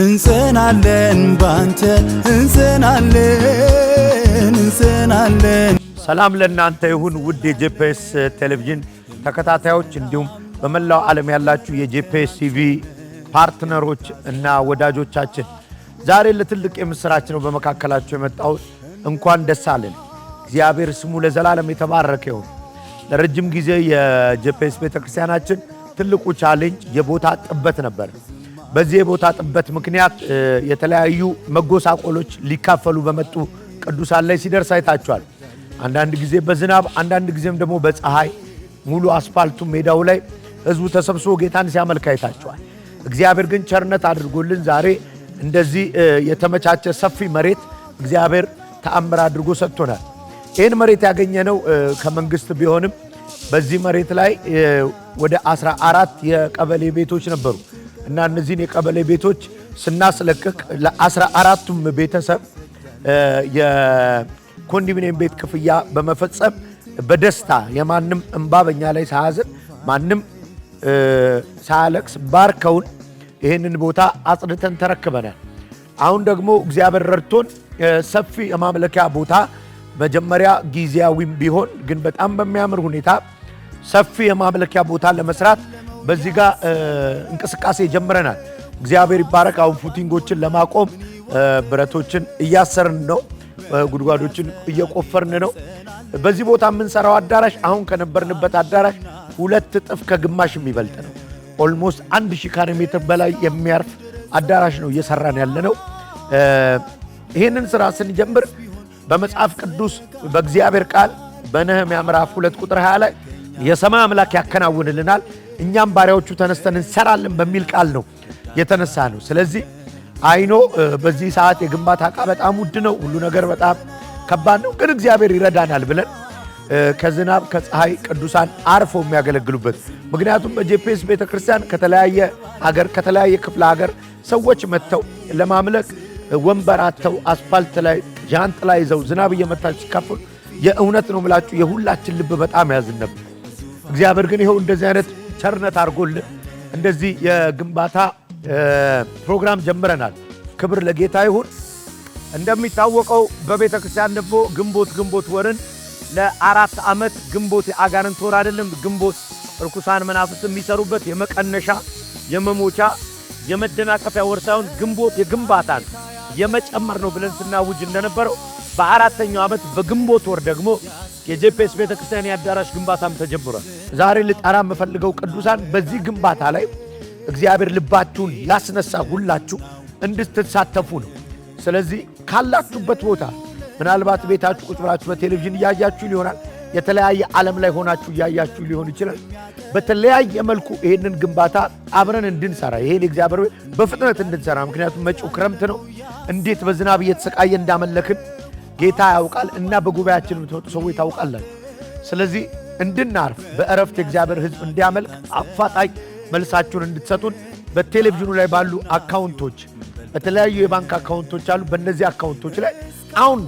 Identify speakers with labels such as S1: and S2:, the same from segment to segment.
S1: እንጸናለን ባንተ እንጸናለን እንጸናለን። ሰላም ለእናንተ ይሁን ውድ የጄፒኤስ ቴሌቪዥን ተከታታዮች እንዲሁም በመላው ዓለም ያላችሁ የጄፒኤስ ቲቪ ፓርትነሮች እና ወዳጆቻችን ዛሬ ለትልቅ የምሥራች ነው በመካከላቸው የመጣሁት። እንኳን ደስ አለን። እግዚአብሔር ስሙ ለዘላለም የተባረከ ይሁን። ለረጅም ጊዜ የጄፒኤስ ቤተክርስቲያናችን ትልቁ ቻሌንጅ የቦታ ጥበት ነበር። በዚህ የቦታ ጥበት ምክንያት የተለያዩ መጎሳቆሎች ሊካፈሉ በመጡ ቅዱሳን ላይ ሲደርስ አይታችኋል። አንዳንድ ጊዜ በዝናብ አንዳንድ ጊዜም ደግሞ በፀሐይ ሙሉ አስፋልቱ ሜዳው ላይ ህዝቡ ተሰብስቦ ጌታን ሲያመልክ አይታችኋል። እግዚአብሔር ግን ቸርነት አድርጎልን ዛሬ እንደዚህ የተመቻቸ ሰፊ መሬት እግዚአብሔር ተአምር አድርጎ ሰጥቶናል። ይህን መሬት ያገኘነው ከመንግስት ቢሆንም በዚህ መሬት ላይ ወደ አስራ አራት የቀበሌ ቤቶች ነበሩ። እና እነዚህን የቀበሌ ቤቶች ስናስለቅቅ ለአስራ አራቱም ቤተሰብ የኮንዶሚኒየም ቤት ክፍያ በመፈጸም በደስታ የማንም እንባ በኛ ላይ ሳያዝን ማንም ሳያለቅስ ባርከውን ይህንን ቦታ አጽድተን ተረክበናል። አሁን ደግሞ እግዚአብሔር ረድቶን ሰፊ የማምለኪያ ቦታ መጀመሪያ ጊዜያዊም ቢሆን ግን በጣም በሚያምር ሁኔታ ሰፊ የማምለኪያ ቦታ ለመስራት በዚህ ጋር እንቅስቃሴ ጀምረናል። እግዚአብሔር ይባረክ። አሁን ፉቲንጎችን ለማቆም ብረቶችን እያሰርን ነው፣ ጉድጓዶችን እየቆፈርን ነው። በዚህ ቦታ የምንሰራው አዳራሽ አሁን ከነበርንበት አዳራሽ ሁለት እጥፍ ከግማሽ የሚበልጥ ነው። ኦልሞስት አንድ ሺህ ካሬ ሜትር በላይ የሚያርፍ አዳራሽ ነው እየሰራን ያለ ነው። ይህንን ስራ ስንጀምር በመጽሐፍ ቅዱስ በእግዚአብሔር ቃል በነህምያ ምዕራፍ ሁለት ቁጥር 20 ላይ የሰማይ አምላክ ያከናውንልናል፣ እኛም ባሪያዎቹ ተነስተን እንሰራለን በሚል ቃል ነው የተነሳ ነው። ስለዚህ አይኖ በዚህ ሰዓት የግንባታ እቃ በጣም ውድ ነው፣ ሁሉ ነገር በጣም ከባድ ነው፣ ግን እግዚአብሔር ይረዳናል ብለን ከዝናብ ከፀሐይ ቅዱሳን አርፎ የሚያገለግሉበት ምክንያቱም በጄፒኤስ ቤተ ክርስቲያን ከተለያየ ሀገር ከተለያየ ክፍለ ሀገር ሰዎች መጥተው ለማምለክ ወንበር አተው አስፋልት ላይ ጃንጥላ ይዘው ዝናብ እየመታች ሲካፈሉ የእውነት ነው ምላችሁ የሁላችን ልብ በጣም ያዝን ነበር። እግዚአብሔር ግን ይኸው እንደዚህ አይነት ቸርነት አድርጎልን እንደዚህ የግንባታ ፕሮግራም ጀምረናል። ክብር ለጌታ ይሁን። እንደሚታወቀው በቤተ ክርስቲያን ደግሞ ግንቦት ግንቦት ወርን ለአራት ዓመት ግንቦት የአጋንንት ወር አይደለም። ግንቦት ርኩሳን መናፍስት የሚሰሩበት የመቀነሻ የመሞቻ የመደናቀፊያ ወር ሳይሆን ግንቦት የግንባታን የመጨመር ነው ብለን ስናውጅ እንደነበረው በአራተኛው ዓመት በግንቦት ወር ደግሞ የጄፔስ ቤተ ክርስቲያን የአዳራሽ ግንባታም ተጀምሯል። ዛሬ ልጠራ የምፈልገው ቅዱሳን በዚህ ግንባታ ላይ እግዚአብሔር ልባችሁን ያስነሳ ሁላችሁ እንድትሳተፉ ነው። ስለዚህ ካላችሁበት ቦታ ምናልባት ቤታችሁ ቁጭ ብላችሁ በቴሌቪዥን እያያችሁ ሊሆናል። የተለያየ ዓለም ላይ ሆናችሁ እያያችሁ ሊሆን ይችላል። በተለያየ መልኩ ይህንን ግንባታ አብረን እንድንሰራ ይሄን እግዚአብሔር በፍጥነት እንድንሰራ ምክንያቱም መጪው ክረምት ነው። እንዴት በዝናብ እየተሰቃየ እንዳመለክን ጌታ ያውቃል እና በጉባኤያችን የምትመጡ ሰዎች ታውቃላችሁ። ስለዚህ እንድናርፍ በእረፍት የእግዚአብሔር ሕዝብ እንዲያመልክ አፋጣኝ መልሳችሁን እንድትሰጡን በቴሌቪዥኑ ላይ ባሉ አካውንቶች፣ በተለያዩ የባንክ አካውንቶች አሉ። በእነዚህ አካውንቶች ላይ አሁን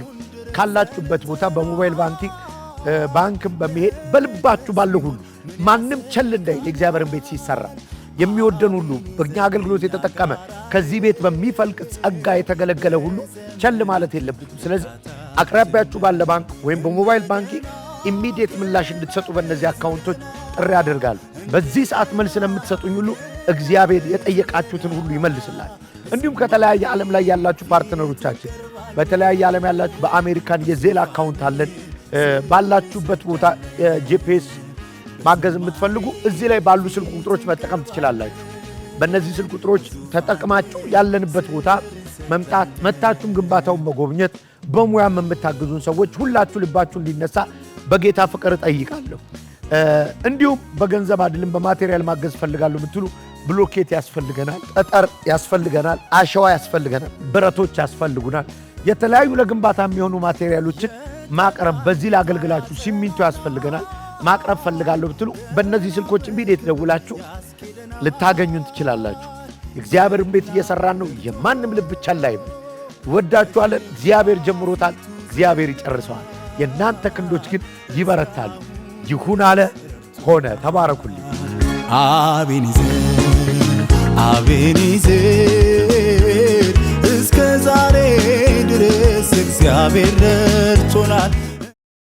S1: ካላችሁበት ቦታ በሞባይል ባንኪንግ ባንክም በመሄድ በልባችሁ ባለ ሁሉ ማንም ቸል እንዳይል የእግዚአብሔርን ቤት ሲሰራ የሚወደን ሁሉ በእኛ አገልግሎት የተጠቀመ ከዚህ ቤት በሚፈልቅ ጸጋ የተገለገለ ሁሉ ቸል ማለት የለበትም። ስለዚህ አቅራቢያችሁ ባለ ባንክ ወይም በሞባይል ባንኪንግ ኢሚዲየት ምላሽ እንድትሰጡ በእነዚህ አካውንቶች ጥሪ አደርጋለሁ። በዚህ ሰዓት መልስ ለምትሰጡኝ ሁሉ እግዚአብሔር የጠየቃችሁትን ሁሉ ይመልስላል። እንዲሁም ከተለያየ ዓለም ላይ ያላችሁ ፓርትነሮቻችን፣ በተለያየ ዓለም ያላችሁ በአሜሪካን የዜል አካውንት አለን። ባላችሁበት ቦታ ጂፒኤስ ማገዝ የምትፈልጉ እዚህ ላይ ባሉ ስልክ ቁጥሮች መጠቀም ትችላላችሁ። በእነዚህ ስልክ ቁጥሮች ተጠቅማችሁ ያለንበት ቦታ መምጣት መታችሁም ግንባታውን መጎብኘት በሙያም የምታግዙን ሰዎች ሁላችሁ ልባችሁ እንዲነሳ በጌታ ፍቅር እጠይቃለሁ። እንዲሁም በገንዘብ አይደለም በማቴሪያል ማገዝ ፈልጋለሁ ምትሉ ብሎኬት ያስፈልገናል፣ ጠጠር ያስፈልገናል፣ አሸዋ ያስፈልገናል፣ ብረቶች ያስፈልጉናል። የተለያዩ ለግንባታ የሚሆኑ ማቴሪያሎችን ማቅረብ በዚህ ላገልግላችሁ፣ ሲሚንቶ ያስፈልገናል ማቅረብ ፈልጋለሁ ብትሉ በእነዚህ ስልኮች ቢዴት የተደውላችሁ ልታገኙን ትችላላችሁ። እግዚአብሔርን ቤት እየሰራን ነው። የማንም ልብ ቸል አይበል። ወዳችኋለን። እግዚአብሔር ጀምሮታል፣ እግዚአብሔር ይጨርሰዋል። የእናንተ ክንዶች ግን ይበረታሉ። ይሁን አለ፣ ሆነ። ተባረኩልኝ። አቤኔዘር እስከዛሬ እስከ ዛሬ ድረስ እግዚአብሔር ረድቶናል።